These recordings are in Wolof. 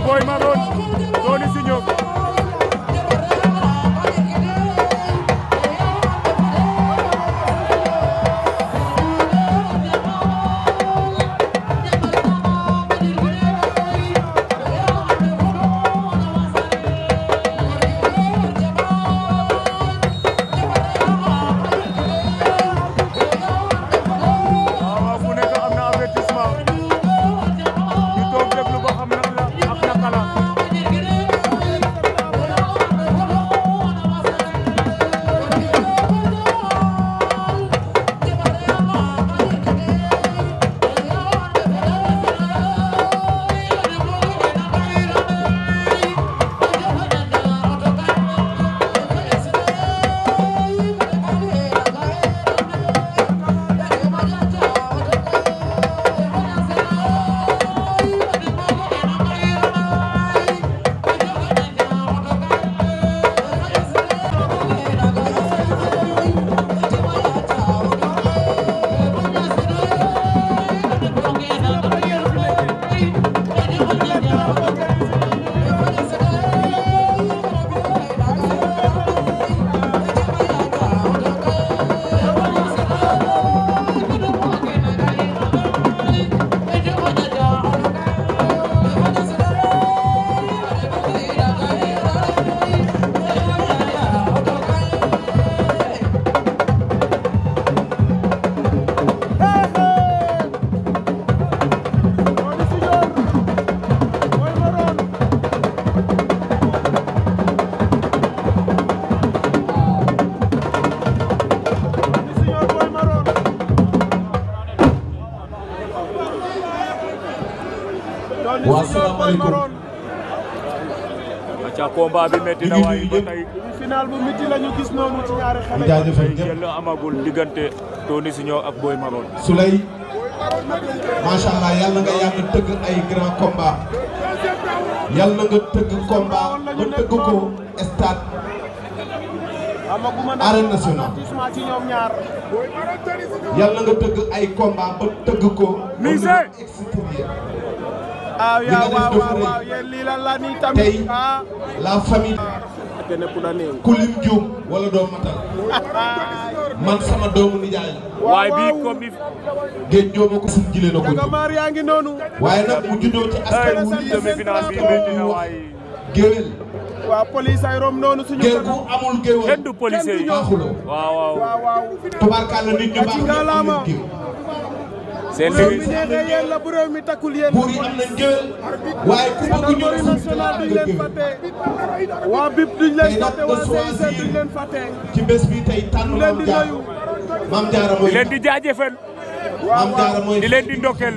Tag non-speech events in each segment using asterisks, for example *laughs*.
Boy Marón. Tony señor. asalaamaaleykum. acca yàlla nga tëgg ay grand ba tëgg ko stade. arène nationale yàlla nga tëgg ay combat ba tëgg ko. extérieur ah waaw waaw waaw yéen lii la la nii tamit tey ah. la famille. Ah. kulim juum wala doo matal *laughs* man sama doomu nijaay waaye bii comme bi. géej joo ma ko suñ jëlee na ko jóg. waaye nag mu juddoo ci askan wu lii géwél. waaw police ay rom noonu suñu. géej gu amul géwél. kenn du policier yi baaxuloo. waaw waaw. tubaarkàlla nit ñu baax seen réew mi neexee yéen la bu réew mi takkul yéen buur yi am nañ jël waaye ku bëgg ñoom national duñ leen fàtte waa bip duñ leen fàtte waa e duñ leen fàtte ci bés bi tey tànn leen di nuyu maam jaara mooy di leen di jaajëfal maam jaara di leen di ndokkel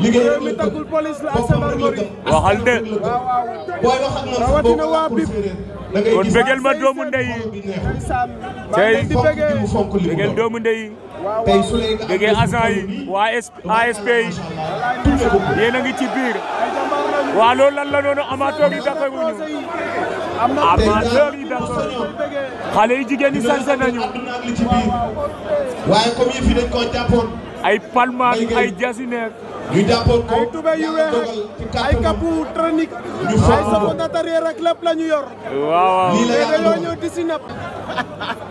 mënul police la ak gendarmerie waxal de booy wax waa bip kon bëggal ma doomu yi tey su léegi da waa ASP yi ngi ci biir waa loolu lan la noonu amateur yi dafa wuñu amateur yi dafa xale yi jigéen yi dañ koo jàppoon ay palma ay jasineer ay tube yu weex ay kapu tronique ay sapon d'intérieur ak lépp la ñu yor si napp *laughs*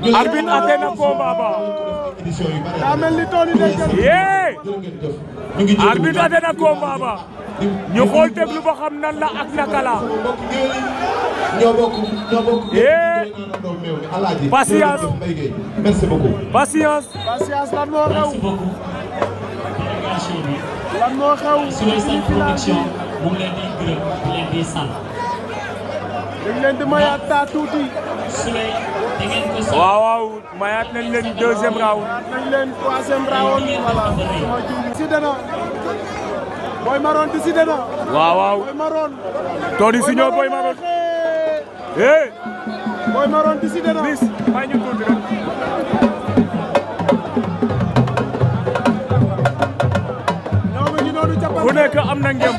arbitre atte na combat ba daa mel ni tool yi day jël na combat ba ñu xool déglu ba xam nan la ak naka la ñoo bokk ñoo bokk yee patience merci beaucoup patience patience lan moo xew lan moo xew Sunu Production mu leen di gërëm di taa tuuti Wow wow, mayaat nañ leen deuxième round. mayaat nañ leen troisième Boy Maroon décidé na. wow, Boy Maron, Tony Junior Boy Maroon. Eh. eh. Boy Maroon décidé na. bis may ñu tuuti rek. ñoom ñu noonu jàppal. ku am na ngeen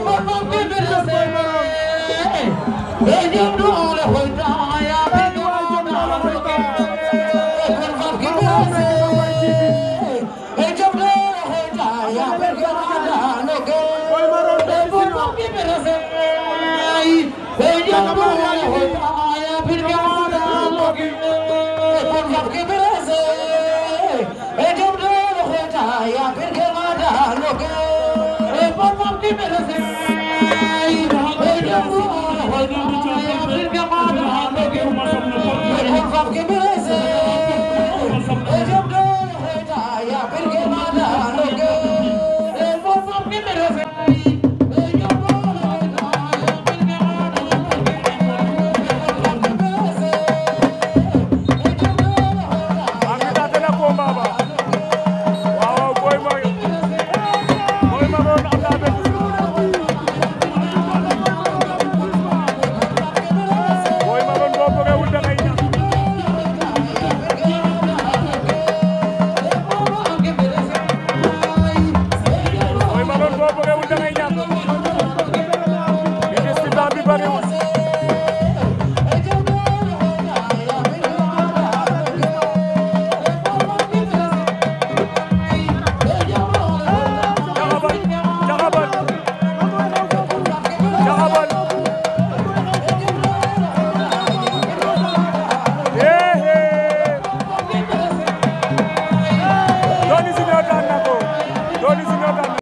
Fuck it,